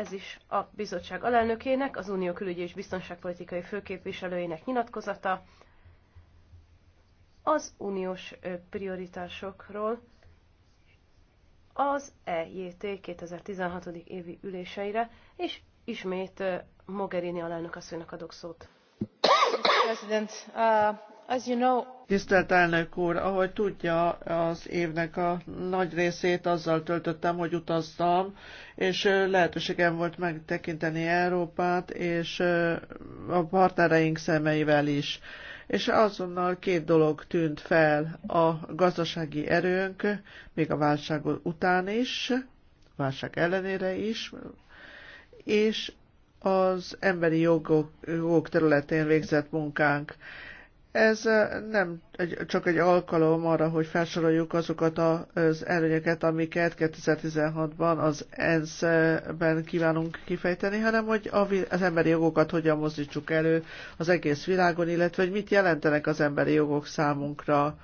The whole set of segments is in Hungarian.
ez is a bizottság alelnökének, az Unió külügyi és biztonságpolitikai főképviselőjének nyilatkozata az uniós prioritásokról az EJT 2016. évi üléseire, és ismét Mogherini alelnök asszonynak adok szót. President, uh... Tisztelt elnök úr, ahogy tudja, az évnek a nagy részét azzal töltöttem, hogy utaztam, és lehetőségem volt megtekinteni Európát, és a partnereink szemeivel is. És azonnal két dolog tűnt fel, a gazdasági erőnk, még a válság után is, válság ellenére is, és az emberi jogok, jogok területén végzett munkánk ez nem csak egy alkalom arra, hogy felsoroljuk azokat az előnyöket, amiket 2016-ban az ENSZ-ben kívánunk kifejteni, hanem hogy az emberi jogokat hogyan mozdítsuk elő az egész világon, illetve hogy mit jelentenek az emberi jogok számunkra.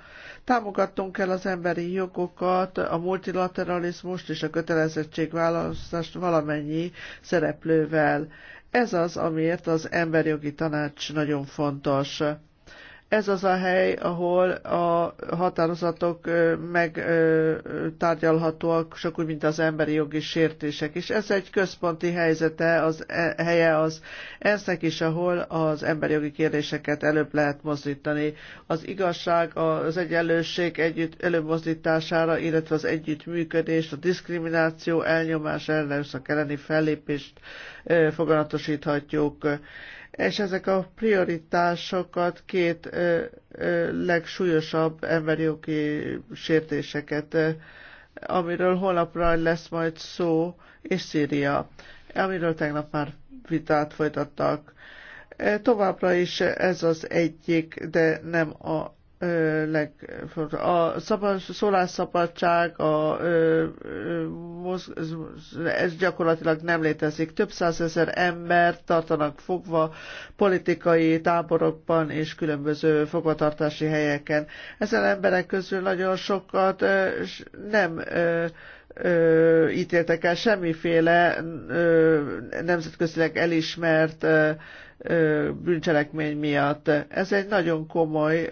Támogattunk el az emberi jogokat, a multilateralizmust és a kötelezettségválasztást valamennyi szereplővel. Ez az, amiért az emberi jogi tanács nagyon fontos ez az a hely, ahol a határozatok megtárgyalhatóak, csak úgy, mint az emberi jogi sértések. És ez egy központi helyzete, az e, helye az ennek is, ahol az emberi jogi kérdéseket előbb lehet mozdítani. Az igazság, az egyenlőség együtt előmozdítására illetve az együttműködést, a diszkrimináció, elnyomás, ellenszak elleni fellépést foganatosíthatjuk és ezek a prioritásokat két ö, ö, legsúlyosabb emberi jogi sértéseket, ö, amiről holnapra lesz majd szó, és Szíria, amiről tegnap már vitát folytattak. Továbbra is ez az egyik, de nem a a szabad, szólásszabadság, a, ez gyakorlatilag nem létezik. Több százezer ember tartanak fogva politikai táborokban és különböző fogvatartási helyeken. Ezen emberek közül nagyon sokat nem ítéltek el semmiféle nemzetközileg elismert bűncselekmény miatt. Ez egy nagyon komoly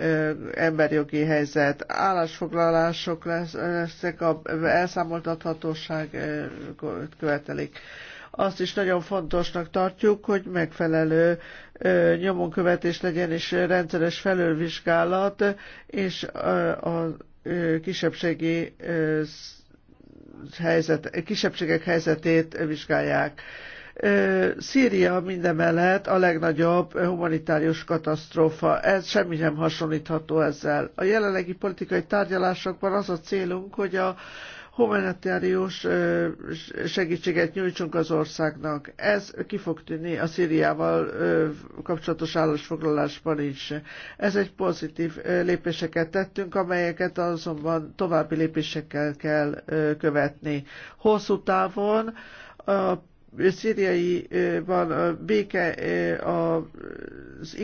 emberjogi helyzet. Állásfoglalások lesz, lesznek, a elszámoltathatóság követelik azt is nagyon fontosnak tartjuk, hogy megfelelő nyomonkövetés legyen, és rendszeres felülvizsgálat, és a kisebbségi helyzet, kisebbségek helyzetét vizsgálják. Szíria mindemellett a legnagyobb humanitárius katasztrófa. Ez semmi nem hasonlítható ezzel. A jelenlegi politikai tárgyalásokban az a célunk, hogy a humanitárius segítséget nyújtsunk az országnak. Ez ki fog tűnni a Szíriával kapcsolatos állásfoglalásban is. Ez egy pozitív lépéseket tettünk, amelyeket azonban további lépésekkel kell követni. Hosszú távon a Szíriaiban béke az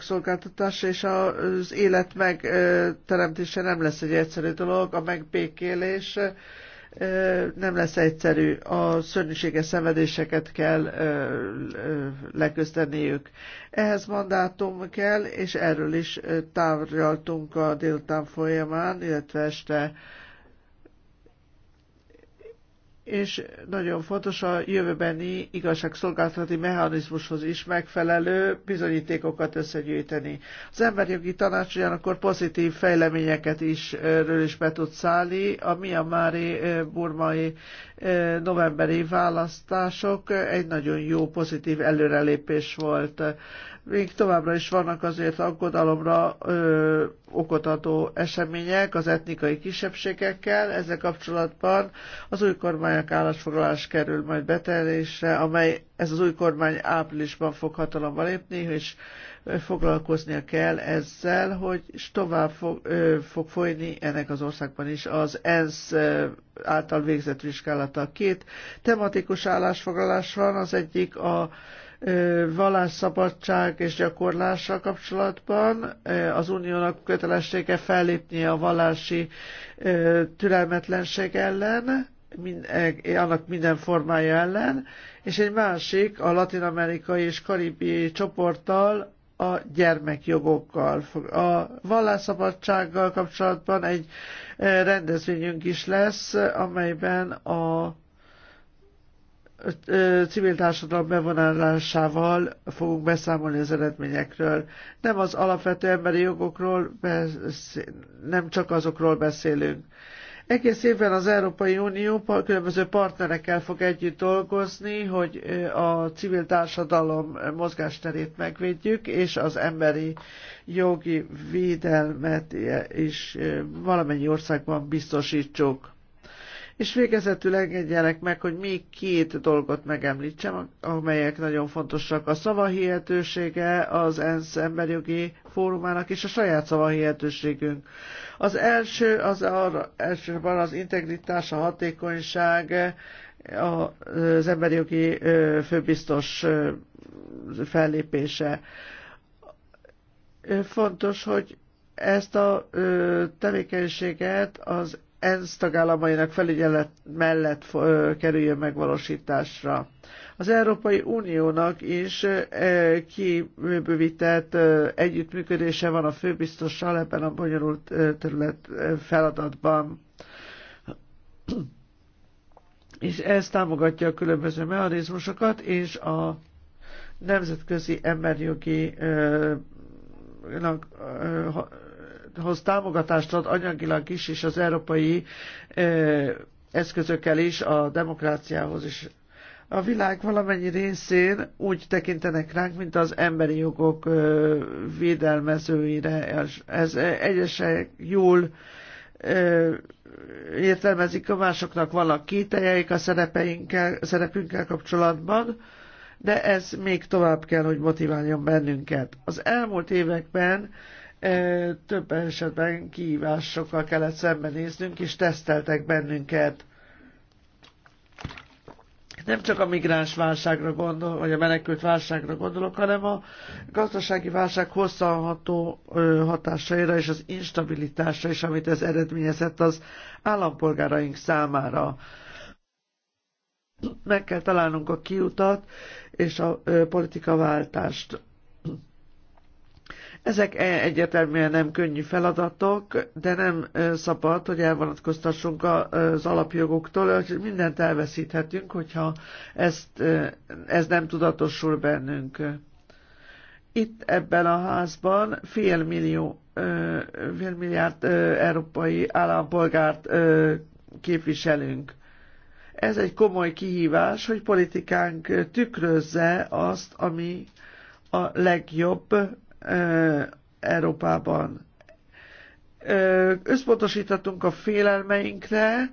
szolgáltatása és az élet megteremtése nem lesz egy egyszerű dolog, a megbékélés nem lesz egyszerű. A szörnyűséges szenvedéseket kell leküzdeniük. Ehhez mandátum kell, és erről is tárgyaltunk a délután folyamán, illetve este és nagyon fontos a jövőbeni igazságszolgáltatási mechanizmushoz is megfelelő bizonyítékokat összegyűjteni. Az emberjogi tanács ugyanakkor pozitív fejleményeket is ről is be tud szállni. A miamári burmai novemberi választások egy nagyon jó pozitív előrelépés volt még továbbra is vannak azért aggodalomra ö, okot adó események az etnikai kisebbségekkel. Ezzel kapcsolatban az új kormányok állásfoglalás kerül majd betelésre, amely ez az új kormány áprilisban fog hatalomba lépni, és foglalkoznia kell ezzel, hogy tovább fog, ö, fog folyni ennek az országban is az ENSZ által végzett vizsgálata. Két tematikus állásfoglalás van, az egyik a vallásszabadság és gyakorlással kapcsolatban az uniónak kötelessége fellépnie a vallási türelmetlenség ellen, e, annak minden formája ellen, és egy másik a Latinamerikai és karibi csoporttal a gyermekjogokkal. A vallásszabadsággal kapcsolatban egy rendezvényünk is lesz, amelyben a civil társadalom bevonásával fogunk beszámolni az eredményekről. Nem az alapvető emberi jogokról, beszél, nem csak azokról beszélünk. Egész évben az Európai Unió különböző partnerekkel fog együtt dolgozni, hogy a civil társadalom mozgásterét megvédjük, és az emberi jogi védelmet is valamennyi országban biztosítsuk. És végezetül engedjenek meg, hogy még két dolgot megemlítsem, amelyek nagyon fontosak. A szavahihetősége az ENSZ emberjogi fórumának és a saját szavahihetőségünk. Az első az arra, elsősorban az integritás, a hatékonyság, az emberi jogi főbiztos fellépése. Fontos, hogy ezt a tevékenységet az ENSZ tagállamainak felügyelet mellett kerüljön megvalósításra. Az Európai Uniónak is kibővített együttműködése van a főbiztossal ebben a bonyolult terület feladatban és ez támogatja a különböző mechanizmusokat és a nemzetközi emberjogi hoz támogatást ad anyagilag is, és az európai eszközökkel is a demokráciához is. A világ valamennyi részén úgy tekintenek ránk, mint az emberi jogok védelmezőire. Ez egyesek jól értelmezik, a másoknak vannak kételjeik a szerepeinkkel, szerepünkkel kapcsolatban, de ez még tovább kell, hogy motiváljon bennünket. Az elmúlt években több esetben kihívásokkal kellett szembenéznünk, és teszteltek bennünket. Nem csak a migráns válságra gondolok, vagy a menekült válságra gondolok, hanem a gazdasági válság hosszalható hatásaira és az instabilitásra is, amit ez eredményezett az állampolgáraink számára meg kell találnunk a kiutat és a politikaváltást. Ezek e egyértelműen nem könnyű feladatok, de nem e, szabad, hogy elvonatkoztassunk e, az alapjogoktól, hogy mindent elveszíthetünk, hogyha ezt, ez nem tudatosul bennünk. Itt ebben a házban fél millió, fél milliárd európai állampolgárt képviselünk ez egy komoly kihívás, hogy politikánk tükrözze azt, ami a legjobb Európában. Összpontosítottunk a félelmeinkre,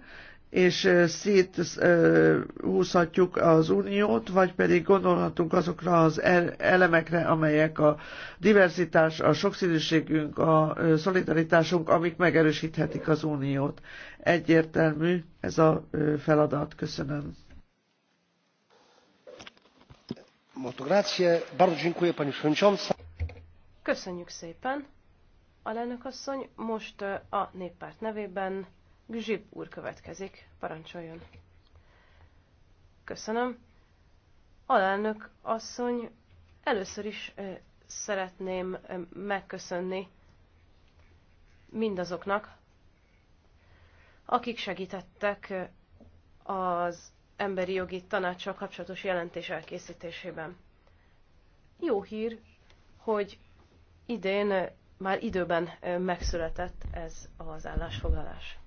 és széthúzhatjuk az uniót, vagy pedig gondolhatunk azokra az elemekre, amelyek a diversitás, a sokszínűségünk, a szolidaritásunk, amik megerősíthetik az uniót. Egyértelmű ez a feladat. Köszönöm. Bardzo dziękuję Pani Przewodnicząca. Köszönjük szépen! Alelnök asszony, most a néppárt nevében Gzsib úr következik. Parancsoljon! Köszönöm. Alelnök asszony, először is szeretném megköszönni mindazoknak, akik segítettek az emberi jogi tanácssal kapcsolatos jelentés elkészítésében. Jó hír, hogy idén már időben megszületett ez az állásfoglalás.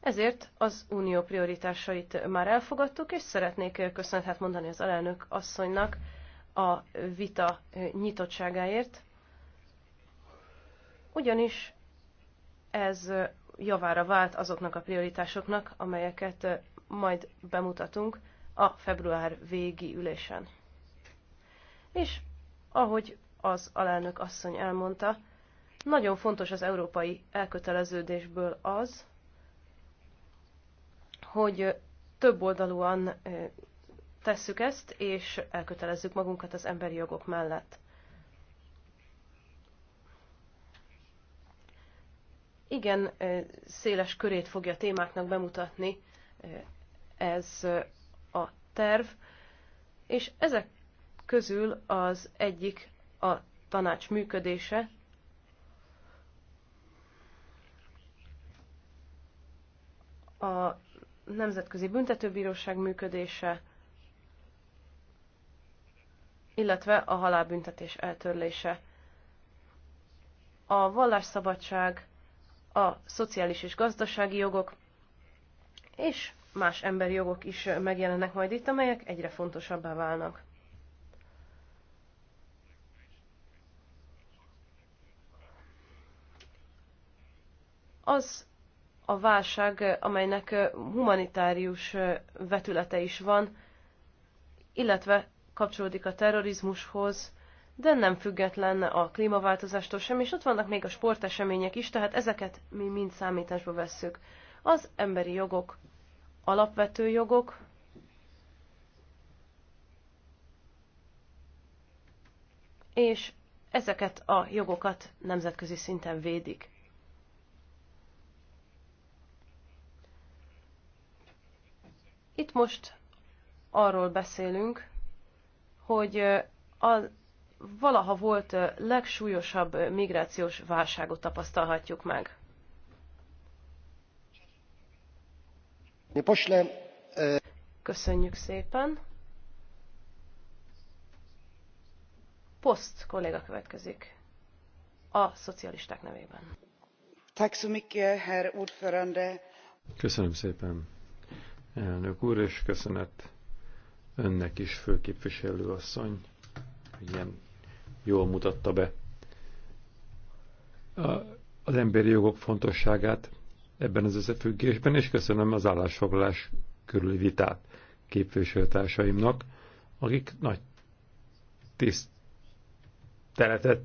Ezért az unió prioritásait már elfogadtuk, és szeretnék köszönetet mondani az alelnök asszonynak a vita nyitottságáért, ugyanis ez javára vált azoknak a prioritásoknak, amelyeket majd bemutatunk a február végi ülésen. És ahogy az alelnök asszony elmondta, nagyon fontos az európai elköteleződésből az, hogy több oldalúan eh, tesszük ezt, és elkötelezzük magunkat az emberi jogok mellett. Igen, eh, széles körét fogja a témáknak bemutatni eh, ez a terv, és ezek közül az egyik a tanács működése, a Nemzetközi Büntetőbíróság működése, illetve a halálbüntetés eltörlése. A vallásszabadság, a szociális és gazdasági jogok és más emberi jogok is megjelennek majd itt, amelyek egyre fontosabbá válnak. az a válság, amelynek humanitárius vetülete is van, illetve kapcsolódik a terrorizmushoz, de nem független a klímaváltozástól sem, és ott vannak még a sportesemények is, tehát ezeket mi mind számításba vesszük. Az emberi jogok, alapvető jogok, és ezeket a jogokat nemzetközi szinten védik. Itt most arról beszélünk, hogy a valaha volt legsúlyosabb migrációs válságot tapasztalhatjuk meg. Köszönjük szépen. Poszt kolléga következik a szocialisták nevében. Köszönöm szépen. Elnök úr, és köszönet önnek is, főképviselő asszony, hogy ilyen jól mutatta be a, az emberi jogok fontosságát ebben az összefüggésben, és köszönöm az állásfoglalás körüli vitát képviselőtársaimnak, akik nagy tiszteletet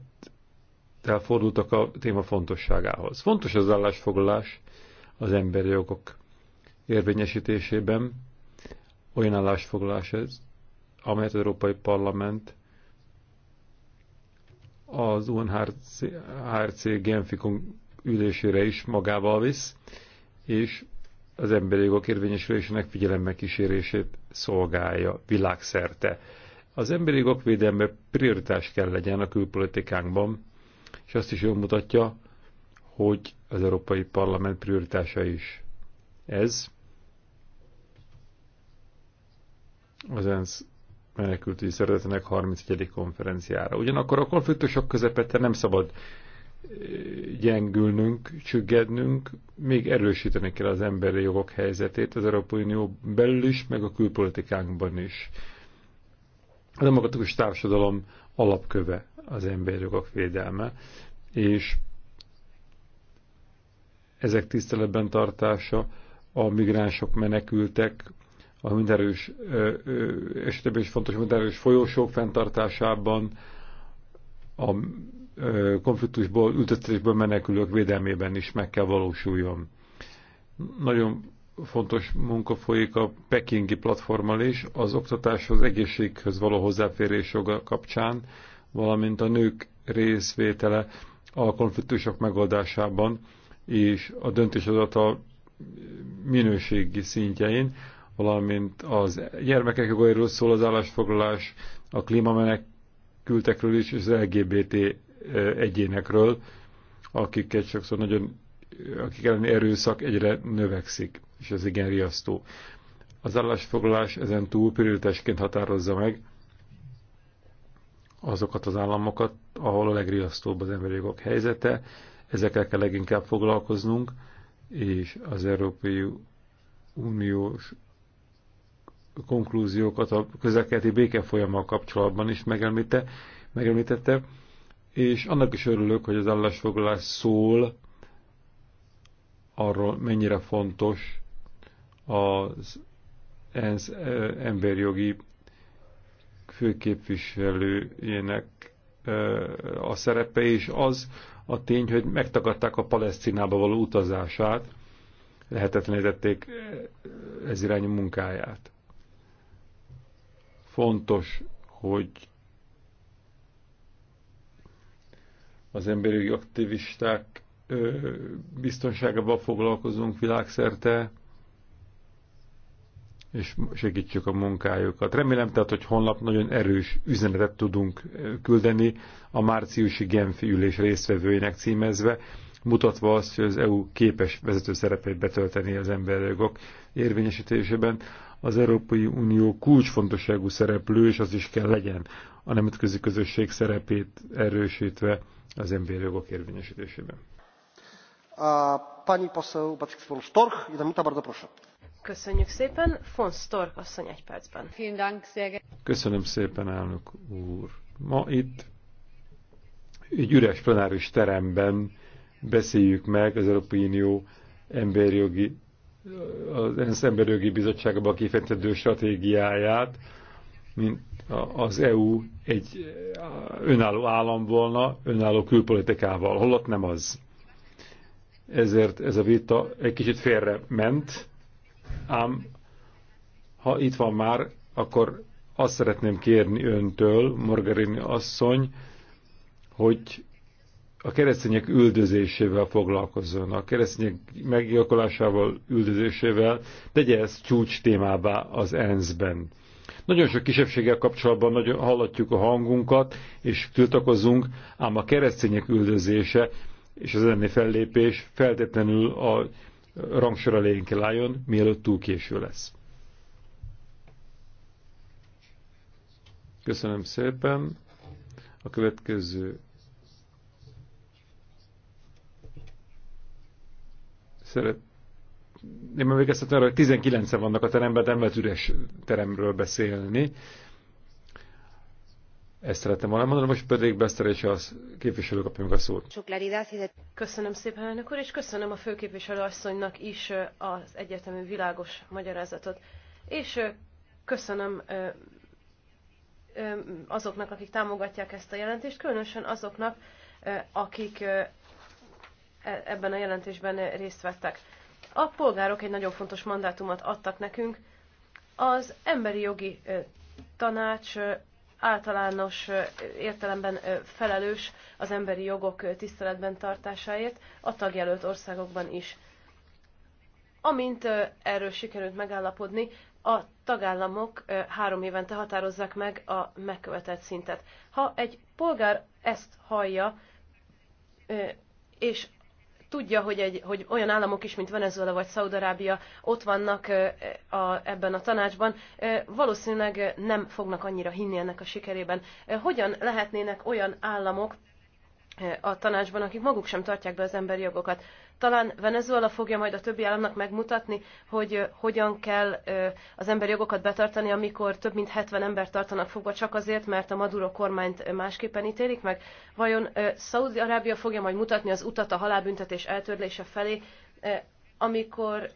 elfordultak a téma fontosságához. Fontos az állásfoglalás az emberi jogok érvényesítésében olyan állásfoglalás ez, amelyet az Európai Parlament az UNHRC Genfi ülésére is magával visz, és az emberi jogok érvényesülésének figyelemmel kísérését szolgálja világszerte. Az emberi jogok védelme prioritás kell legyen a külpolitikánkban, és azt is jól mutatja, hogy az Európai Parlament prioritása is. Ez az ENSZ menekültügyi szervezetének 31. konferenciára. Ugyanakkor a konfliktusok közepette nem szabad gyengülnünk, csüggednünk, még erősíteni kell az emberi jogok helyzetét az Európai Unió belül is, meg a külpolitikánkban is. A demokratikus társadalom alapköve az emberi jogok védelme, és ezek tiszteletben tartása a migránsok menekültek a mindenős esetében is fontos, mindenős folyósók fenntartásában, a konfliktusból, ültetésből menekülők védelmében is meg kell valósuljon. Nagyon fontos munka folyik a pekingi platformal is, az oktatáshoz, egészséghez való hozzáférés joga kapcsán, valamint a nők részvétele a konfliktusok megoldásában és a döntéshozatal minőségi szintjein, valamint az gyermekek jogairól szól az állásfoglalás, a klímamenekültekről is, és az LGBT egyénekről, akiket sokszor nagyon, akik elleni erőszak egyre növekszik, és ez igen riasztó. Az állásfoglalás ezen túl prioritásként határozza meg azokat az államokat, ahol a legriasztóbb az emberi jogok helyzete, ezekkel kell leginkább foglalkoznunk, és az Európai Uniós konklúziókat a közelkeleti folyamal kapcsolatban is megemlíte, megemlítette, és annak is örülök, hogy az állásfoglalás szól arról, mennyire fontos az ENSZ eh, emberjogi főképviselőjének eh, a szerepe, és az a tény, hogy megtagadták a Palesztinába való utazását, lehetetlenítették eh, ez irányú munkáját. Fontos, hogy az emberi aktivisták biztonságában foglalkozunk világszerte, és segítsük a munkájukat. Remélem tehát, hogy honlap nagyon erős üzenetet tudunk küldeni a márciusi Genfi ülés résztvevőinek címezve, mutatva azt, hogy az EU képes vezető szerepét betölteni az emberi jogok érvényesítésében az Európai Unió kulcsfontosságú szereplő, és az is kell legyen a nemzetközi közösség szerepét erősítve az emberi jogok érvényesítésében. Pani poseł von Storch, jedna minuta, bardzo proszę. Köszönjük szépen. von Storch asszony egy percben. Köszönöm szépen, elnök úr. Ma itt egy üres plenáris teremben beszéljük meg az Európai Unió emberi jogi az ENSZ Emberőgi Bizottságban kifejtető stratégiáját, mint az EU egy önálló állam volna, önálló külpolitikával, holott nem az. Ezért ez a vita egy kicsit félre ment, ám ha itt van már, akkor azt szeretném kérni öntől, Margarini asszony, hogy a keresztények üldözésével foglalkozzon, a keresztények meggyilkolásával, üldözésével, tegye ezt csúcs témává az ENSZ-ben. Nagyon sok kisebbséggel kapcsolatban nagyon hallatjuk a hangunkat, és tiltakozunk, ám a keresztények üldözése és az ennél fellépés feltétlenül a rangsor elején kell álljon, mielőtt túl késő lesz. Köszönöm szépen. A következő már végeztetem arra, hogy 19 -e vannak a teremben, nem lehet üres teremről beszélni. Ezt szerettem volna mondani, most pedig és az képviselő kapja meg a szót. Köszönöm szépen, elnök úr, és köszönöm a főképviselő asszonynak is az egyetemű világos magyarázatot. És köszönöm azoknak, akik támogatják ezt a jelentést, különösen azoknak, akik E, ebben a jelentésben részt vettek. A polgárok egy nagyon fontos mandátumot adtak nekünk. Az emberi jogi e, tanács e, általános értelemben felelős az emberi jogok tiszteletben tartásáért a tagjelölt országokban is. Amint erről sikerült megállapodni, a tagállamok három évente határozzák meg a megkövetett szintet. Ha egy polgár ezt hallja, és tudja, hogy, egy, hogy olyan államok is, mint Venezuela vagy Szaudarábia ott vannak a, ebben a tanácsban, valószínűleg nem fognak annyira hinni ennek a sikerében. Hogyan lehetnének olyan államok a tanácsban, akik maguk sem tartják be az emberi jogokat? talán Venezuela fogja majd a többi államnak megmutatni, hogy hogyan kell az emberi jogokat betartani, amikor több mint 70 ember tartanak fogva csak azért, mert a Maduro kormányt másképpen ítélik meg. Vajon szaúdi arábia fogja majd mutatni az utat a halálbüntetés eltörlése felé, amikor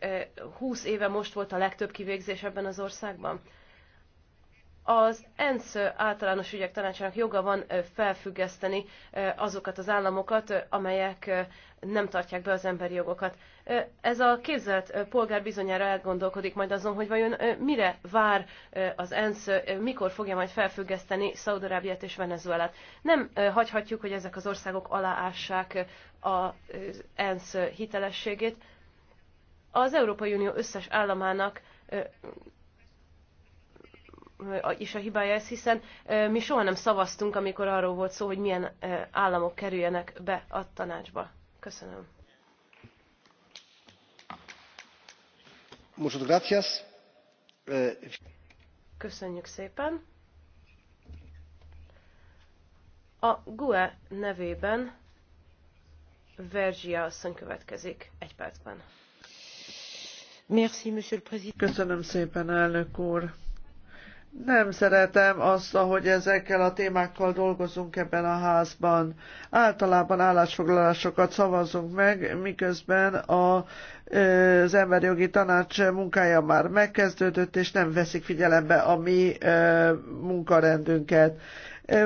20 éve most volt a legtöbb kivégzés ebben az országban? Az ENSZ általános ügyek tanácsának joga van felfüggeszteni azokat az államokat, amelyek nem tartják be az emberi jogokat. Ez a képzelt polgár bizonyára elgondolkodik majd azon, hogy vajon mire vár az ENSZ, mikor fogja majd felfüggeszteni Szaudarábiát és Venezuelát. Nem hagyhatjuk, hogy ezek az országok aláássák az ENSZ hitelességét. Az Európai Unió összes államának is a hibája ez, hiszen mi soha nem szavaztunk, amikor arról volt szó, hogy milyen államok kerüljenek be a tanácsba. Köszönöm. Muchas gracias. Eh, Köszönjük szépen. A GUE nevében Vergia asszony következik egy percben. Merci, Monsieur le Président. Köszönöm szépen, elnök úr nem szeretem azt, ahogy ezekkel a témákkal dolgozunk ebben a házban. Általában állásfoglalásokat szavazunk meg, miközben a, az emberjogi tanács munkája már megkezdődött, és nem veszik figyelembe a mi munkarendünket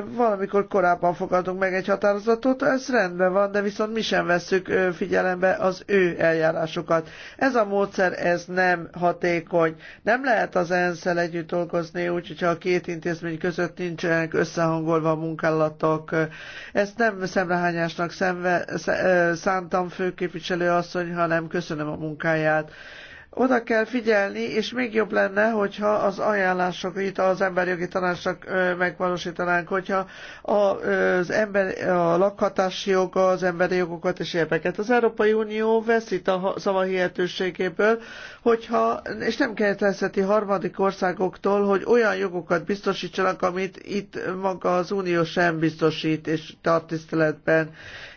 valamikor korábban fogadunk meg egy határozatot, ez rendben van, de viszont mi sem vesszük figyelembe az ő eljárásokat. Ez a módszer, ez nem hatékony. Nem lehet az ENSZ-el együtt dolgozni, úgyhogy ha a két intézmény között nincsenek összehangolva a munkálatok. Ezt nem szemrehányásnak szemve, szántam főképviselő asszony, hanem köszönöm a munkáját. Oda kell figyelni, és még jobb lenne, hogyha az ajánlások itt az emberjogi tanácsnak megvalósítanánk, hogyha az ember, a lakhatási joga, az emberi jogokat és ilyeneket. Az Európai Unió veszít a szava hihetőségéből, hogyha, és nem kérdezheti harmadik országoktól, hogy olyan jogokat biztosítsanak, amit itt maga az Unió sem biztosít és tart tiszteletben.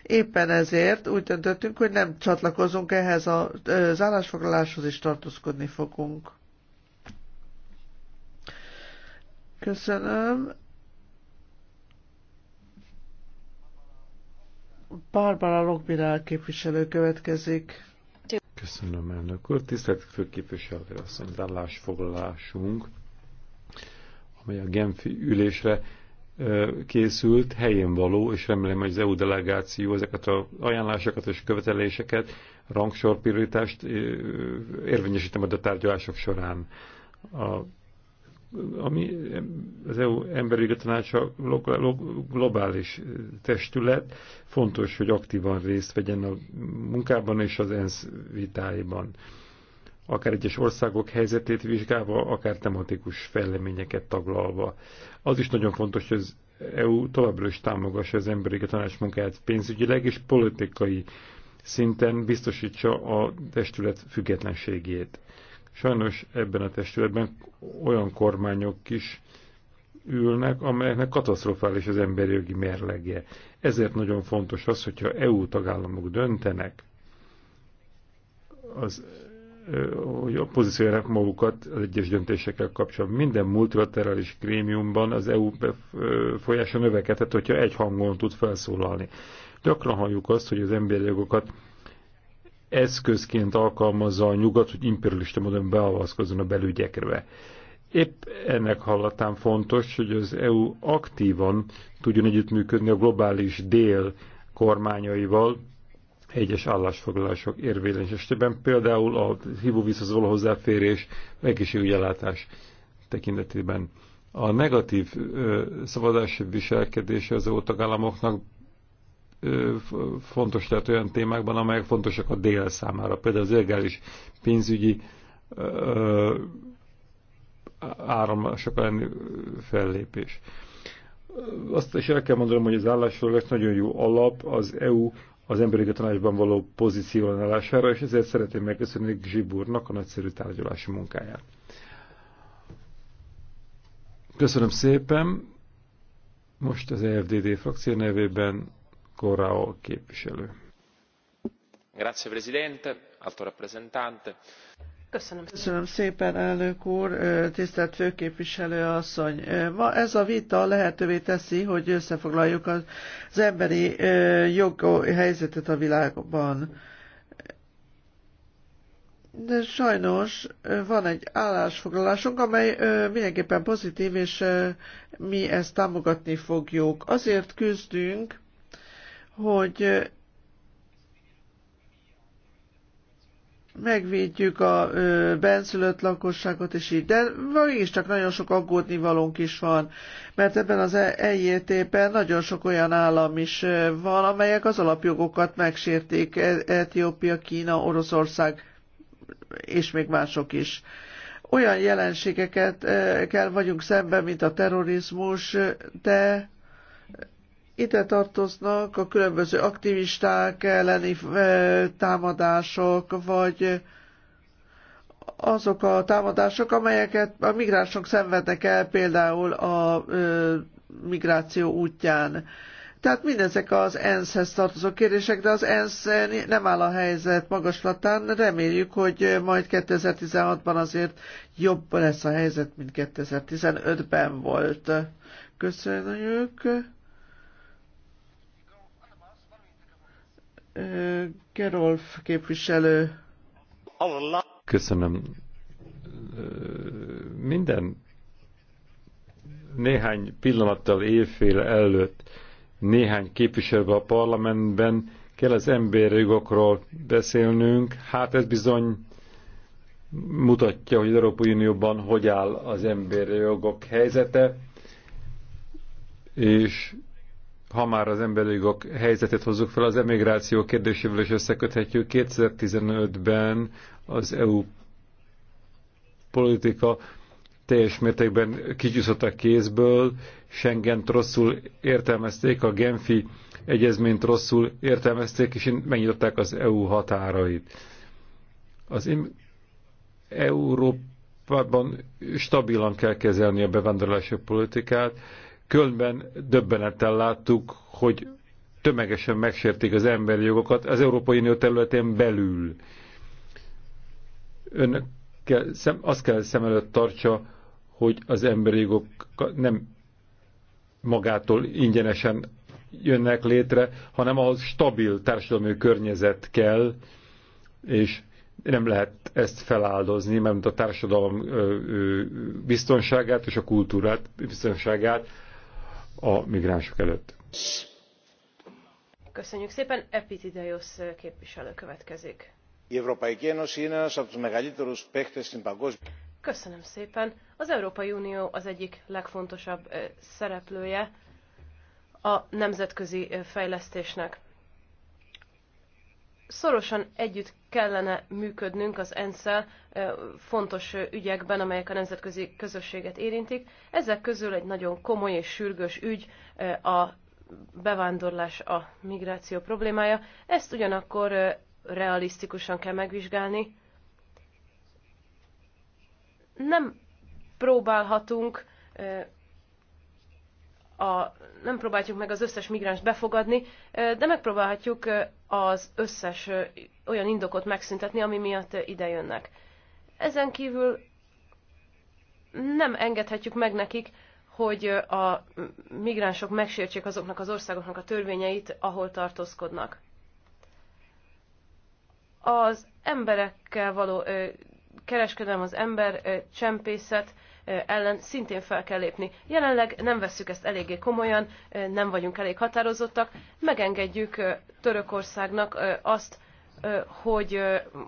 Éppen ezért úgy döntöttünk, hogy nem csatlakozunk ehhez az állásfoglaláshoz, és tartózkodni fogunk. Köszönöm. Barbara Lokbirál képviselő következik. Köszönöm, elnök úr. Tisztelt főképviselő asszony, az állásfoglalásunk, amely a Genfi ülésre készült, helyén való, és remélem, hogy az EU delegáció ezeket az ajánlásokat és követeléseket, rangsor prioritást érvényesítem a tárgyalások során. A, ami az EU emberi tanácsa globális testület, fontos, hogy aktívan részt vegyen a munkában és az ENSZ vitáiban akár egyes országok helyzetét vizsgálva, akár tematikus fejleményeket taglalva. Az is nagyon fontos, hogy az EU továbbra is támogassa az emberi tanács munkáját pénzügyileg és politikai szinten biztosítsa a testület függetlenségét. Sajnos ebben a testületben olyan kormányok is ülnek, amelyeknek katasztrofális az emberi jogi mérlege. Ezért nagyon fontos az, hogyha EU tagállamok döntenek az hogy a pozícionálják magukat az egyes döntésekkel kapcsolatban. Minden multilaterális krémiumban az EU folyása növekedhet, hogyha egy hangon tud felszólalni. Gyakran halljuk azt, hogy az emberi jogokat eszközként alkalmazza a nyugat, hogy imperialista módon beavaszkozzon a belügyekre. Épp ennek hallatán fontos, hogy az EU aktívan tudjon együttműködni a globális dél kormányaival, egyes állásfoglalások érvényesítében, például a hívóvízhoz való hozzáférés, egészségügyellátás tekintetében. A negatív ö, viselkedése az EU fontos lehet olyan témákban, amelyek fontosak a dél számára. Például az illegális pénzügyi áramlások elleni fellépés. Azt is el kell mondanom, hogy az állásfoglalás nagyon jó alap az EU az emberi tanácsban való pozícionálására, és ezért szeretném megköszönni Zsibúrnak a nagyszerű tárgyalási munkáját. Köszönöm szépen. Most az EFDD frakció nevében Corrao képviselő. Grazie Presidente, alto rappresentante. Köszönöm. Köszönöm szépen, elnök úr, tisztelt főképviselő asszony. Ma ez a vita lehetővé teszi, hogy összefoglaljuk az emberi jog helyzetet a világban. De sajnos van egy állásfoglalásunk, amely mindenképpen pozitív, és mi ezt támogatni fogjuk. Azért küzdünk, hogy megvédjük a ö, benszülött lakosságot, és így, de mégiscsak nagyon sok aggódnivalónk is van, mert ebben az EJT-ben nagyon sok olyan állam is van, amelyek az alapjogokat megsérték, e- Etiópia, Kína, Oroszország, és még mások is. Olyan jelenségeket kell vagyunk szemben, mint a terrorizmus, de ide tartoznak a különböző aktivisták elleni eh, támadások, vagy azok a támadások, amelyeket a migránsok szenvednek el például a eh, migráció útján. Tehát mindezek az ENSZ-hez tartozó kérdések, de az ENSZ nem áll a helyzet magaslatán. Reméljük, hogy majd 2016-ban azért jobb lesz a helyzet, mint 2015-ben volt. Köszönjük. Gerolf képviselő. Köszönöm. Minden néhány pillanattal évfél előtt néhány képviselő a parlamentben kell az emberi jogokról beszélnünk. Hát ez bizony mutatja, hogy az Európai Unióban hogy áll az emberi jogok helyzete, és ha már az emberi jogok helyzetet hozzuk fel, az emigráció kérdésével is összeköthetjük. 2015-ben az EU politika teljes mértékben kicsúszott a kézből, schengen rosszul értelmezték, a Genfi egyezményt rosszul értelmezték, és megnyitották az EU határait. Az Európában stabilan kell kezelni a bevándorlási politikát, Kölnben döbbenettel láttuk, hogy tömegesen megsértik az emberi jogokat az Európai Unió területén belül. Önnek kell, szem, azt kell szem előtt tartsa, hogy az emberi jogok nem magától ingyenesen jönnek létre, hanem ahhoz stabil társadalmi környezet kell, és nem lehet ezt feláldozni, mert a társadalom biztonságát és a kultúrát biztonságát a migránsok előtt. Köszönjük szépen. Epitideios képviselő következik. Köszönöm szépen. Az Európai Unió az egyik legfontosabb szereplője a nemzetközi fejlesztésnek szorosan együtt kellene működnünk az ensz fontos ügyekben, amelyek a nemzetközi közösséget érintik. Ezek közül egy nagyon komoly és sürgős ügy a bevándorlás, a migráció problémája. Ezt ugyanakkor realisztikusan kell megvizsgálni. Nem próbálhatunk a, nem próbáljuk meg az összes migráns befogadni, de megpróbálhatjuk az összes olyan indokot megszüntetni, ami miatt ide jönnek. Ezen kívül nem engedhetjük meg nekik, hogy a migránsok megsértsék azoknak az országoknak a törvényeit, ahol tartózkodnak. Az emberekkel való kereskedelem, az ember csempészet ellen szintén fel kell lépni. Jelenleg nem vesszük ezt eléggé komolyan, nem vagyunk elég határozottak, megengedjük Törökországnak azt, hogy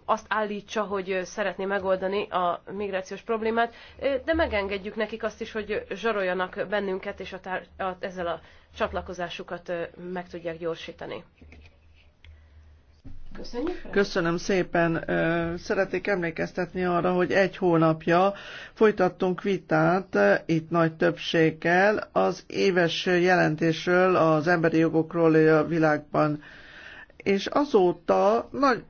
azt állítsa, hogy szeretné megoldani a migrációs problémát, de megengedjük nekik azt is, hogy zsaroljanak bennünket, és a tár- a, ezzel a csatlakozásukat meg tudják gyorsítani. Köszönjük. Köszönöm szépen. Szeretnék emlékeztetni arra, hogy egy hónapja folytattunk vitát itt nagy többséggel az éves jelentésről az emberi jogokról a világban. És azóta nagy,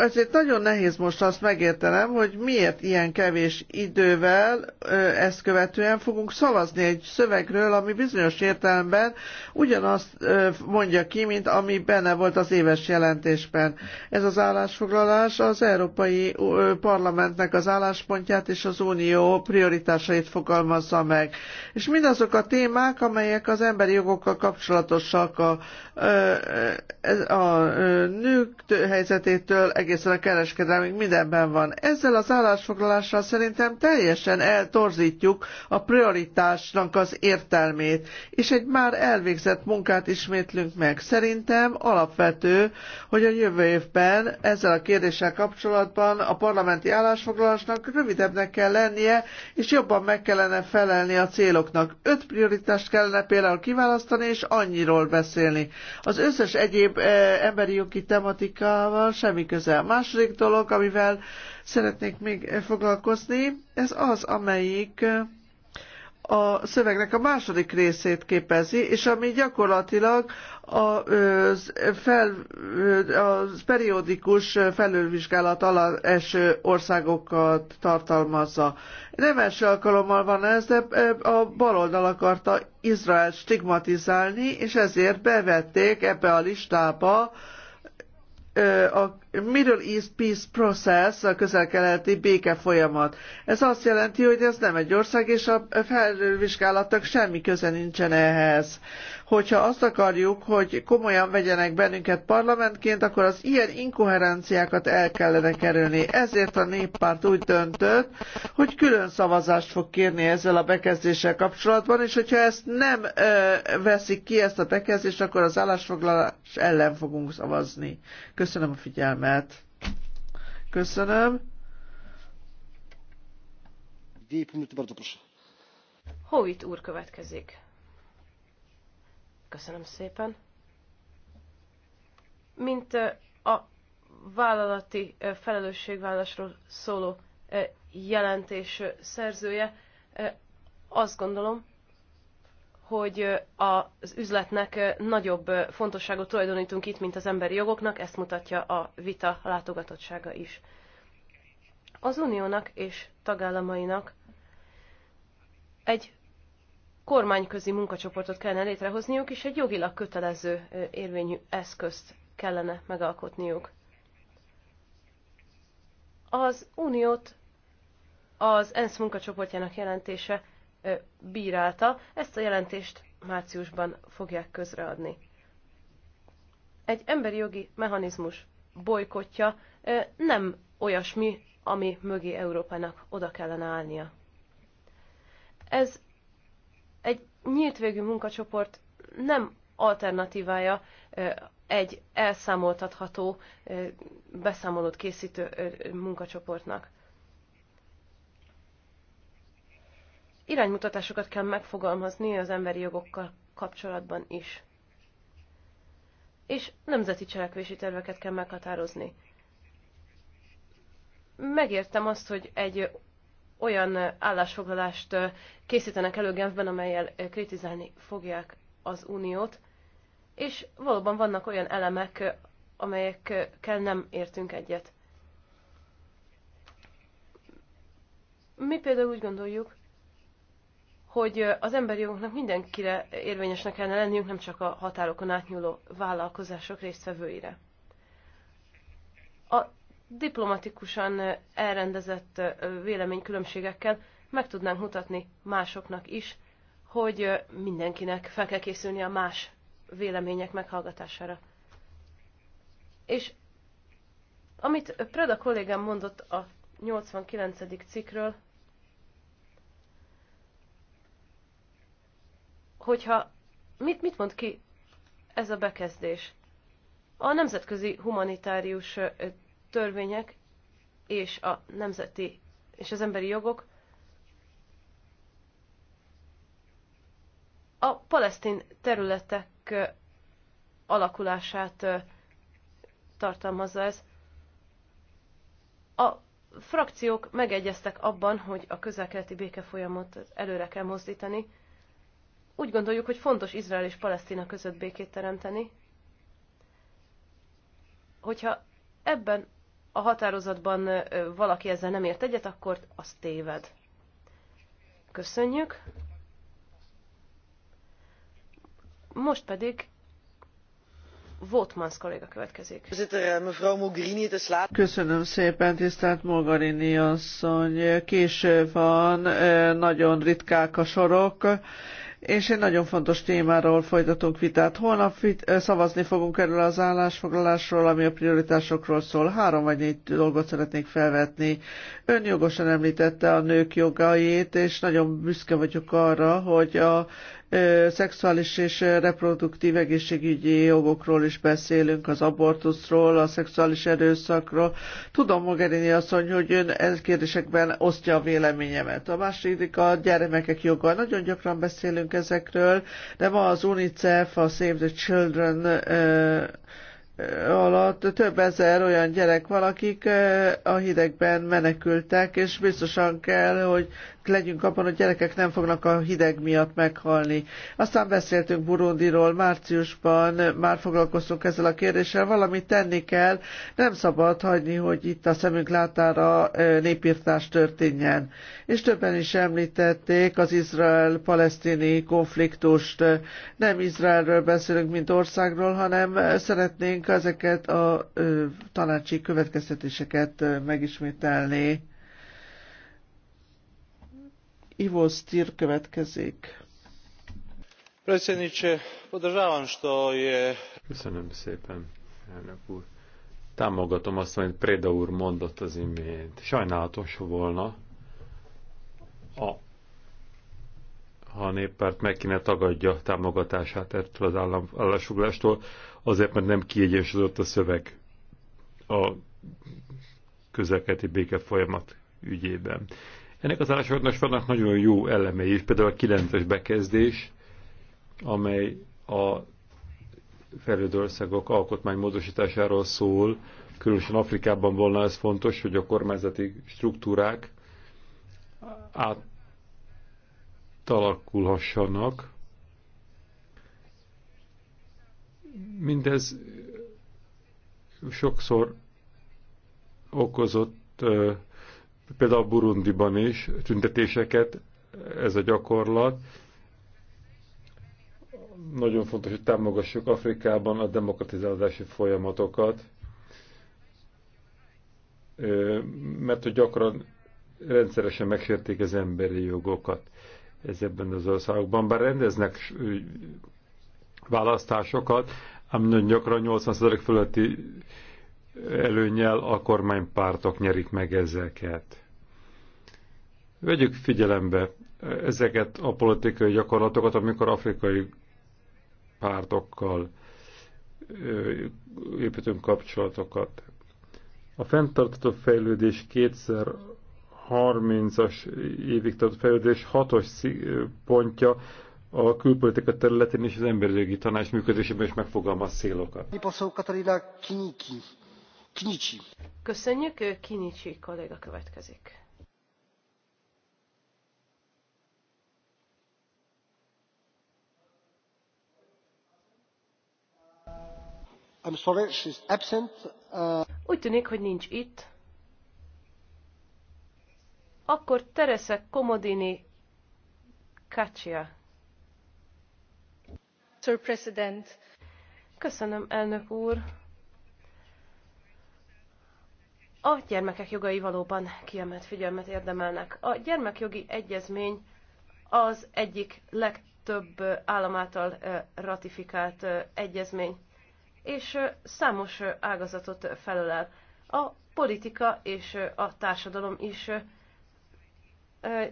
azért nagyon nehéz most azt megértenem, hogy miért ilyen kevés idővel ezt követően fogunk szavazni egy szövegről, ami bizonyos értelemben ugyanazt mondja ki, mint ami benne volt az éves jelentésben. Ez az állásfoglalás az Európai Parlamentnek az álláspontját és az Unió prioritásait fogalmazza meg. És mindazok a témák, amelyek az emberi jogokkal kapcsolatosak a, a, a nők helyzetétől, egésztől egészen a kereskedelmi mindenben van. Ezzel az állásfoglalással szerintem teljesen eltorzítjuk a prioritásnak az értelmét, és egy már elvégzett munkát ismétlünk meg. Szerintem alapvető, hogy a jövő évben ezzel a kérdéssel kapcsolatban a parlamenti állásfoglalásnak rövidebbnek kell lennie, és jobban meg kellene felelni a céloknak. Öt prioritást kellene például kiválasztani, és annyiról beszélni. Az összes egyéb eh, emberi jogi tematikával semmi köz közel. Második dolog, amivel szeretnék még foglalkozni, ez az, amelyik a szövegnek a második részét képezi, és ami gyakorlatilag a, fel, a periódikus felülvizsgálat alá eső országokat tartalmazza. Nem első alkalommal van ez, de a baloldal akarta Izrael stigmatizálni, és ezért bevették ebbe a listába a Middle East Peace Process, a közel-keleti béke folyamat. Ez azt jelenti, hogy ez nem egy ország, és a felvizsgálatnak semmi köze nincsen ehhez. Hogyha azt akarjuk, hogy komolyan vegyenek bennünket parlamentként, akkor az ilyen inkoherenciákat el kellene kerülni. Ezért a néppárt úgy döntött, hogy külön szavazást fog kérni ezzel a bekezdéssel kapcsolatban, és hogyha ezt nem ö, veszik ki, ezt a bekezdést, akkor az állásfoglalás ellen fogunk szavazni. Köszönöm a figyelmet figyelmet. Köszönöm. Hovit úr következik. Köszönöm szépen. Mint a vállalati felelősségvállásról szóló jelentés szerzője, azt gondolom, hogy az üzletnek nagyobb fontosságot tulajdonítunk itt, mint az emberi jogoknak, ezt mutatja a vita látogatottsága is. Az uniónak és tagállamainak egy kormányközi munkacsoportot kellene létrehozniuk, és egy jogilag kötelező érvényű eszközt kellene megalkotniuk. Az uniót az ENSZ munkacsoportjának jelentése bírálta. Ezt a jelentést márciusban fogják közreadni. Egy emberi jogi mechanizmus bolykotja nem olyasmi, ami mögé Európának oda kellene állnia. Ez egy nyílt végű munkacsoport nem alternatívája egy elszámoltatható beszámolót készítő munkacsoportnak. iránymutatásokat kell megfogalmazni az emberi jogokkal kapcsolatban is. És nemzeti cselekvési terveket kell meghatározni. Megértem azt, hogy egy olyan állásfoglalást készítenek elő Genfben, amelyel kritizálni fogják az uniót, és valóban vannak olyan elemek, amelyekkel nem értünk egyet. Mi például úgy gondoljuk, hogy az emberi jogoknak mindenkire érvényesnek kellene lenniük, nem csak a határokon átnyúló vállalkozások résztvevőire. A diplomatikusan elrendezett véleménykülönbségekkel meg tudnánk mutatni másoknak is, hogy mindenkinek fel kell készülni a más vélemények meghallgatására. És amit prada kollégám mondott a 89. cikkről, hogyha... Mit, mit mond ki ez a bekezdés? A nemzetközi humanitárius törvények és a nemzeti és az emberi jogok a palesztin területek alakulását tartalmazza ez. A frakciók megegyeztek abban, hogy a közelkeleti békefolyamot előre kell mozdítani, úgy gondoljuk, hogy fontos Izrael és Palesztina között békét teremteni. Hogyha ebben a határozatban valaki ezzel nem ért egyet, akkor az téved. Köszönjük. Most pedig Votmans kolléga következik. Köszönöm szépen, tisztelt Mogarini asszony. Késő van, nagyon ritkák a sorok és egy nagyon fontos témáról folytatunk vitát. Holnap szavazni fogunk erről az állásfoglalásról, ami a prioritásokról szól. Három vagy négy dolgot szeretnék felvetni. Ön jogosan említette a nők jogait, és nagyon büszke vagyok arra, hogy a szexuális és reproduktív egészségügyi jogokról is beszélünk, az abortuszról, a szexuális erőszakról. Tudom, Mogherini asszony, hogy ön ez kérdésekben osztja a véleményemet. A második a gyermekek joga. Nagyon gyakran beszélünk ezekről, de ma az UNICEF, a Save the Children alatt több ezer olyan gyerek van, akik a hidegben menekültek, és biztosan kell, hogy legyünk abban, hogy gyerekek nem fognak a hideg miatt meghalni. Aztán beszéltünk Burundiról márciusban, már foglalkoztunk ezzel a kérdéssel, valamit tenni kell, nem szabad hagyni, hogy itt a szemünk látára népírtás történjen. És többen is említették az izrael-palesztini konfliktust. Nem Izraelről beszélünk, mint országról, hanem szeretnénk ezeket a tanácsi következtetéseket megismételni. Ivo Stier következik. Köszönöm szépen, elnök úr. Támogatom azt, amit Preda úr mondott az imént. Sajnálatos volna, a, ha a néppárt meg kéne tagadja támogatását ettől az állam, állásuglástól, azért, mert nem kiegyensúlyozott a szöveg a közelketi béke folyamat ügyében. Ennek az állásoknak vannak nagyon jó elemei is, például a 9-es bekezdés, amely a fejlődő országok alkotmánymódosításáról szól, különösen Afrikában volna ez fontos, hogy a kormányzati struktúrák átalakulhassanak. Mindez sokszor okozott Például Burundiban is tüntetéseket ez a gyakorlat. Nagyon fontos, hogy támogassuk Afrikában a demokratizálási folyamatokat, mert hogy gyakran rendszeresen megsérték az emberi jogokat ez ebben az országokban. Bár rendeznek választásokat, ami nagyon gyakran 80% fölötti előnyel a kormánypártok nyerik meg ezeket. Vegyük figyelembe ezeket a politikai gyakorlatokat, amikor afrikai pártokkal építünk kapcsolatokat. A fenntartató fejlődés kétszer 30-as évig tartott fejlődés hatos pontja a külpolitika területén és az emberi tanács működésében is megfogalmaz célokat. Kinichi. Köszönjük, Kinichi kolléga következik. I'm sorry, she's absent. Uh... Úgy tűnik, hogy nincs itt. Akkor Teresa Komodini Kacsia. Sir President. Köszönöm, elnök úr. a gyermekek jogai valóban kiemelt figyelmet érdemelnek. A gyermekjogi egyezmény az egyik legtöbb állam által ratifikált egyezmény, és számos ágazatot felölel. A politika és a társadalom is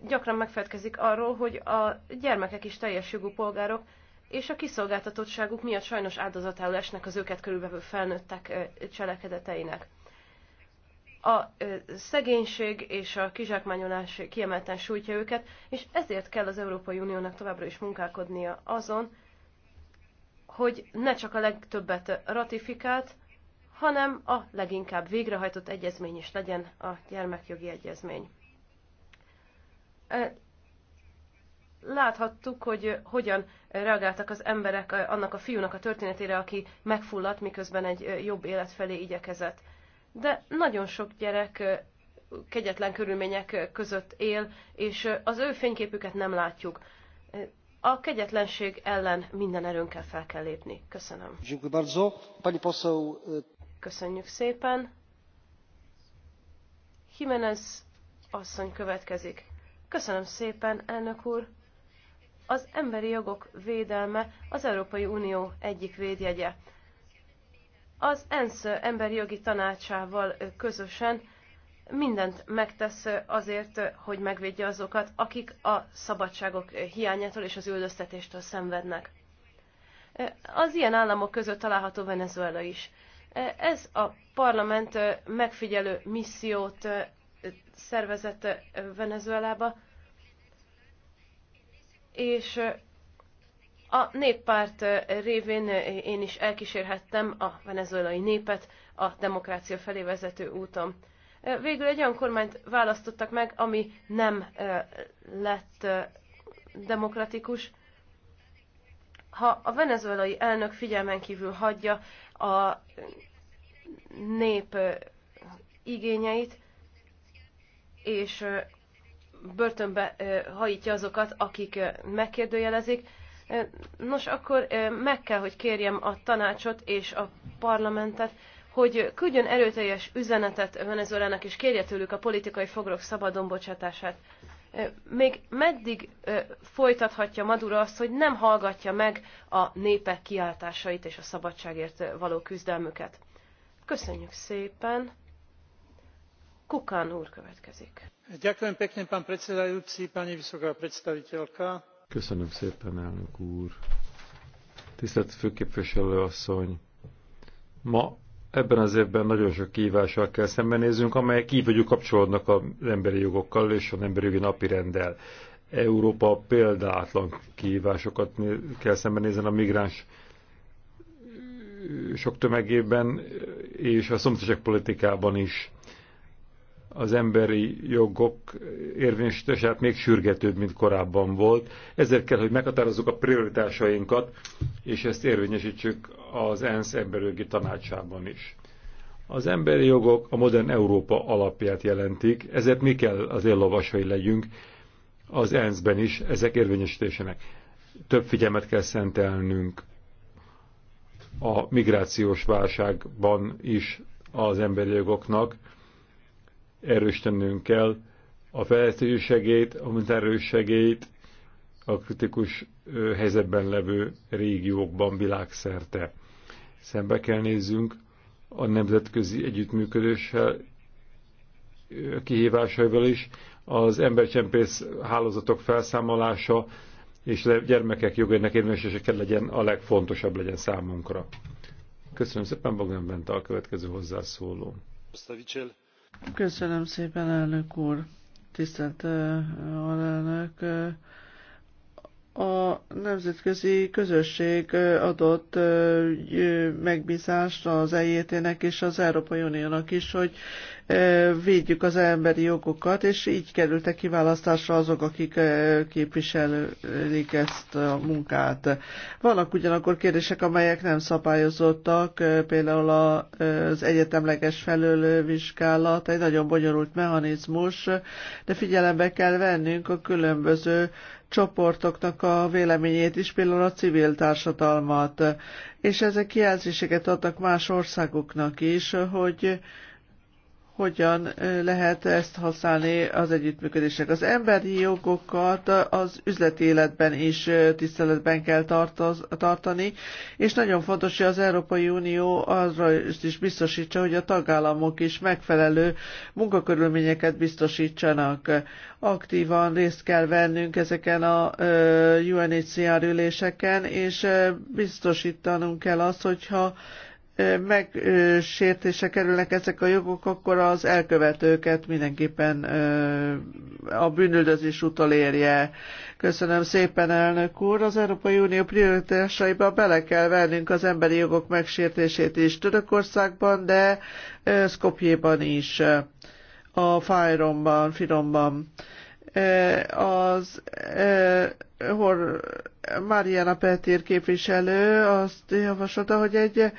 gyakran megfelelkezik arról, hogy a gyermekek is teljes jogú polgárok, és a kiszolgáltatottságuk miatt sajnos áldozatául esnek az őket körülvevő felnőttek cselekedeteinek a szegénység és a kizsákmányolás kiemelten sújtja őket, és ezért kell az Európai Uniónak továbbra is munkálkodnia azon, hogy ne csak a legtöbbet ratifikált, hanem a leginkább végrehajtott egyezmény is legyen a gyermekjogi egyezmény. Láthattuk, hogy hogyan reagáltak az emberek annak a fiúnak a történetére, aki megfulladt, miközben egy jobb élet felé igyekezett de nagyon sok gyerek kegyetlen körülmények között él, és az ő fényképüket nem látjuk. A kegyetlenség ellen minden erőnkkel fel kell lépni. Köszönöm. Köszönjük szépen. Jimenez asszony következik. Köszönöm szépen, elnök úr. Az emberi jogok védelme az Európai Unió egyik védjegye az ENSZ emberi jogi tanácsával közösen mindent megtesz azért, hogy megvédje azokat, akik a szabadságok hiányától és az üldöztetéstől szenvednek. Az ilyen államok között található Venezuela is. Ez a parlament megfigyelő missziót szervezett Venezuelába, és a néppárt révén én is elkísérhettem a venezuelai népet a demokrácia felé vezető úton. Végül egy olyan kormányt választottak meg, ami nem lett demokratikus. Ha a venezuelai elnök figyelmen kívül hagyja a nép igényeit, és börtönbe hajítja azokat, akik megkérdőjelezik, Nos, akkor meg kell, hogy kérjem a tanácsot és a parlamentet, hogy küldjön erőteljes üzenetet Venezuelának, és kérje tőlük a politikai fogrok szabadon bocsátását. Még meddig folytathatja Maduro azt, hogy nem hallgatja meg a népek kiáltásait és a szabadságért való küzdelmüket? Köszönjük szépen! Kukán úr következik. Köszönöm szépen, pán predsedajúci, pani vysoká predstaviteľka Köszönöm szépen, elnök úr. Tisztelt főképviselő asszony, ma ebben az évben nagyon sok kihívással kell szembenézünk, amelyek így vagy kapcsolódnak az emberi jogokkal és az emberi jogi napi rendel. Európa példátlan kihívásokat kell szembenézni a migráns sok tömegében és a szomszédság politikában is az emberi jogok érvényesítését hát még sürgetőbb, mint korábban volt. Ezért kell, hogy meghatározzuk a prioritásainkat, és ezt érvényesítsük az ENSZ emberjogi tanácsában is. Az emberi jogok a modern Európa alapját jelentik, ezért mi kell az éllovasai legyünk az ENSZ-ben is ezek érvényesítésének. Több figyelmet kell szentelnünk a migrációs válságban is az emberi jogoknak, tennünk kell a fejlesztési segélyt, a humanitárius segélyt a kritikus helyzetben levő régiókban világszerte. Szembe kell nézzünk a nemzetközi együttműködéssel kihívásaival is, az embercsempész hálózatok felszámolása és a gyermekek jogainak érvényesülése kell legyen a legfontosabb legyen számunkra. Köszönöm szépen, Bogdan Benta, a következő hozzászóló. Köszönöm. Köszönöm szépen, elnök úr. Tisztelt eh, alelnök. Eh, a nemzetközi közösség adott megbízást az ejt nek és az Európai Uniónak is, hogy védjük az emberi jogokat, és így kerültek kiválasztásra azok, akik képviselik ezt a munkát. Vannak ugyanakkor kérdések, amelyek nem szabályozottak, például az egyetemleges felülvizsgálat, egy nagyon bonyolult mechanizmus, de figyelembe kell vennünk a különböző csoportoknak a véleményét is, például a civil társadalmat. És ezek jelzéseket adnak más országoknak is, hogy hogyan lehet ezt használni az együttműködések Az emberi jogokat az üzleti életben is tiszteletben kell tartani, és nagyon fontos, hogy az Európai Unió arra is biztosítsa, hogy a tagállamok is megfelelő munkakörülményeket biztosítsanak. Aktívan részt kell vennünk ezeken a UNHCR üléseken, és biztosítanunk kell azt, hogyha megsértése kerülnek ezek a jogok, akkor az elkövetőket mindenképpen a bűnüldözés érje, Köszönöm szépen, elnök úr. Az Európai Unió prioritásaiba bele kell vennünk az emberi jogok megsértését is Törökországban, de Szkopjéban is, a Fájromban, Firomban. Az Hor Mariana Petir képviselő azt javasolta, hogy egy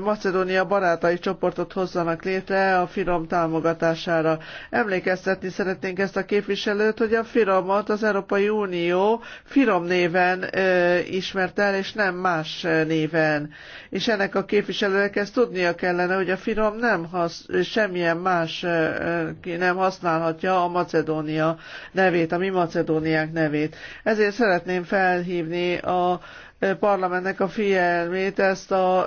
Macedónia barátai csoportot hozzanak létre a Firom támogatására. Emlékeztetni szeretnénk ezt a képviselőt, hogy a Firomot az Európai Unió Firom néven ö, ismert el, és nem más néven. És ennek a képviselőnek ezt tudnia kellene, hogy a Firom nem hasz, semmilyen más ö, nem használhatja a Macedónia nevét, a mi Macedóniák nevét. Ezért szeretném felhívni a parlamentnek a figyelmét, ezt a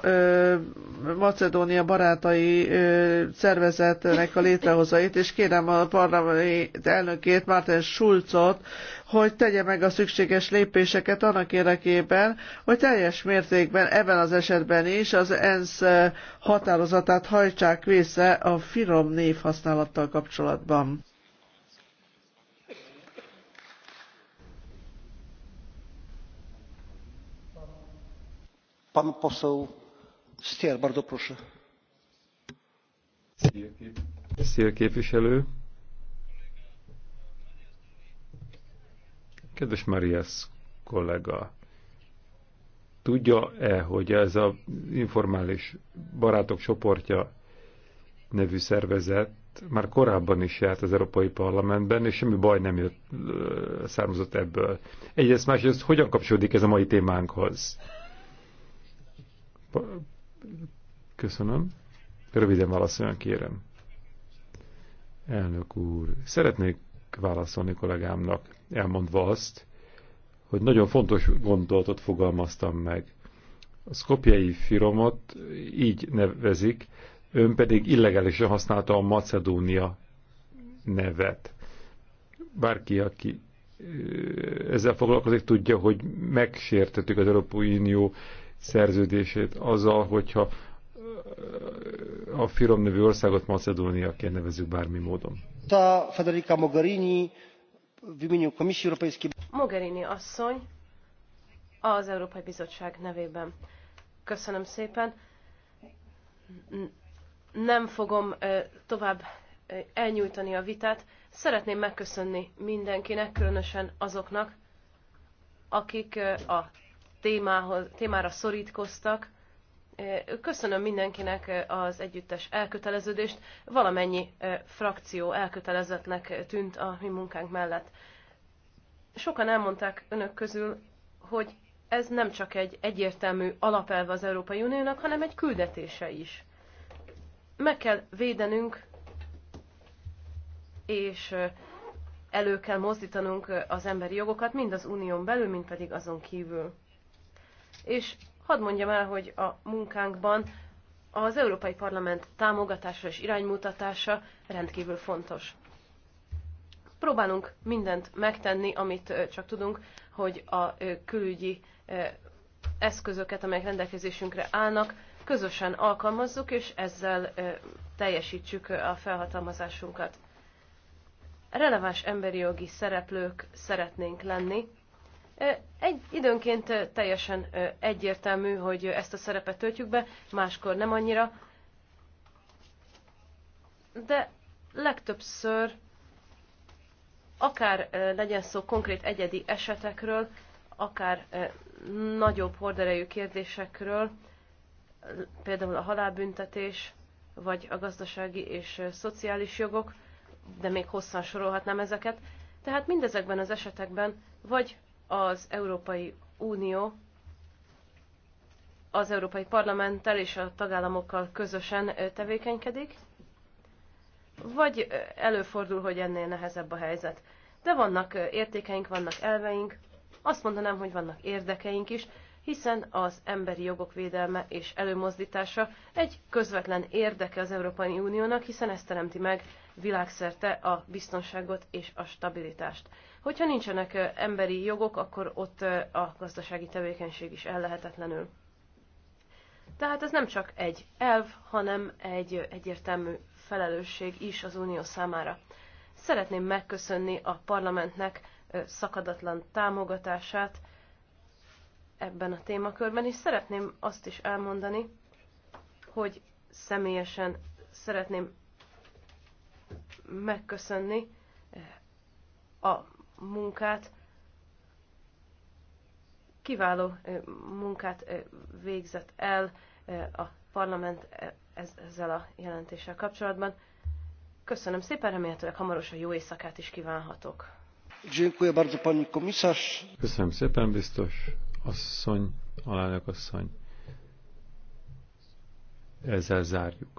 Macedónia barátai szervezetnek a létrehozait, és kérem a parlament elnökét, Martin Schulzot, hogy tegye meg a szükséges lépéseket annak érdekében, hogy teljes mértékben ebben az esetben is az ENSZ határozatát hajtsák vissza a finom névhasználattal kapcsolatban. Szél képviselő. Kedves Marias kollega, tudja-e, hogy ez az informális barátok csoportja nevű szervezet már korábban is járt az Európai Parlamentben, és semmi baj nem jött, származott ebből. Egyrészt másrészt, hogyan kapcsolódik ez a mai témánkhoz? Köszönöm. Röviden válaszoljon, kérem. Elnök úr, szeretnék válaszolni kollégámnak, elmondva azt, hogy nagyon fontos gondolatot fogalmaztam meg. A szkopjai firomot így nevezik, ön pedig illegálisan használta a Macedónia nevet. Bárki, aki ezzel foglalkozik, tudja, hogy megsértettük az Európai Unió szerződését azzal, hogyha a Firom nevű országot Macedóniaként nevezzük bármi módon. Federica Mogherini, v imieniu Komisii Europejskiej. Mogherini asszony, az Európai Bizottság nevében. Köszönöm szépen. Nem fogom tovább elnyújtani a vitát. Szeretném megköszönni mindenkinek, különösen azoknak, akik a témához, témára szorítkoztak. Köszönöm mindenkinek az együttes elköteleződést. Valamennyi frakció elkötelezettnek tűnt a mi munkánk mellett. Sokan elmondták önök közül, hogy ez nem csak egy egyértelmű alapelve az Európai Uniónak, hanem egy küldetése is. Meg kell védenünk, és elő kell mozdítanunk az emberi jogokat, mind az unión belül, mind pedig azon kívül és hadd mondjam el, hogy a munkánkban az Európai Parlament támogatása és iránymutatása rendkívül fontos. Próbálunk mindent megtenni, amit csak tudunk, hogy a külügyi eszközöket, amelyek rendelkezésünkre állnak, közösen alkalmazzuk, és ezzel teljesítsük a felhatalmazásunkat. Releváns emberi jogi szereplők szeretnénk lenni, egy, időnként teljesen egyértelmű, hogy ezt a szerepet töltjük be, máskor nem annyira. De legtöbbször, akár legyen szó konkrét egyedi esetekről, akár nagyobb horderejű kérdésekről, például a halálbüntetés, vagy a gazdasági és szociális jogok, de még hosszan sorolhatnám ezeket. Tehát mindezekben az esetekben vagy az Európai Unió az Európai Parlamenttel és a tagállamokkal közösen tevékenykedik, vagy előfordul, hogy ennél nehezebb a helyzet. De vannak értékeink, vannak elveink, azt mondanám, hogy vannak érdekeink is, hiszen az emberi jogok védelme és előmozdítása egy közvetlen érdeke az Európai Uniónak, hiszen ez teremti meg világszerte a biztonságot és a stabilitást. Hogyha nincsenek emberi jogok, akkor ott a gazdasági tevékenység is ellehetetlenül. Tehát ez nem csak egy elv, hanem egy egyértelmű felelősség is az Unió számára. Szeretném megköszönni a parlamentnek szakadatlan támogatását ebben a témakörben, és szeretném azt is elmondani, hogy személyesen szeretném megköszönni eh, a munkát. Kiváló eh, munkát eh, végzett el a parlament ezzel a jelentéssel kapcsolatban. Köszönöm szépen, remélhetőleg hamarosan jó éjszakát is kívánhatok. Köszönöm szépen, biztos asszony, alelnök asszony. Ezzel zárjuk.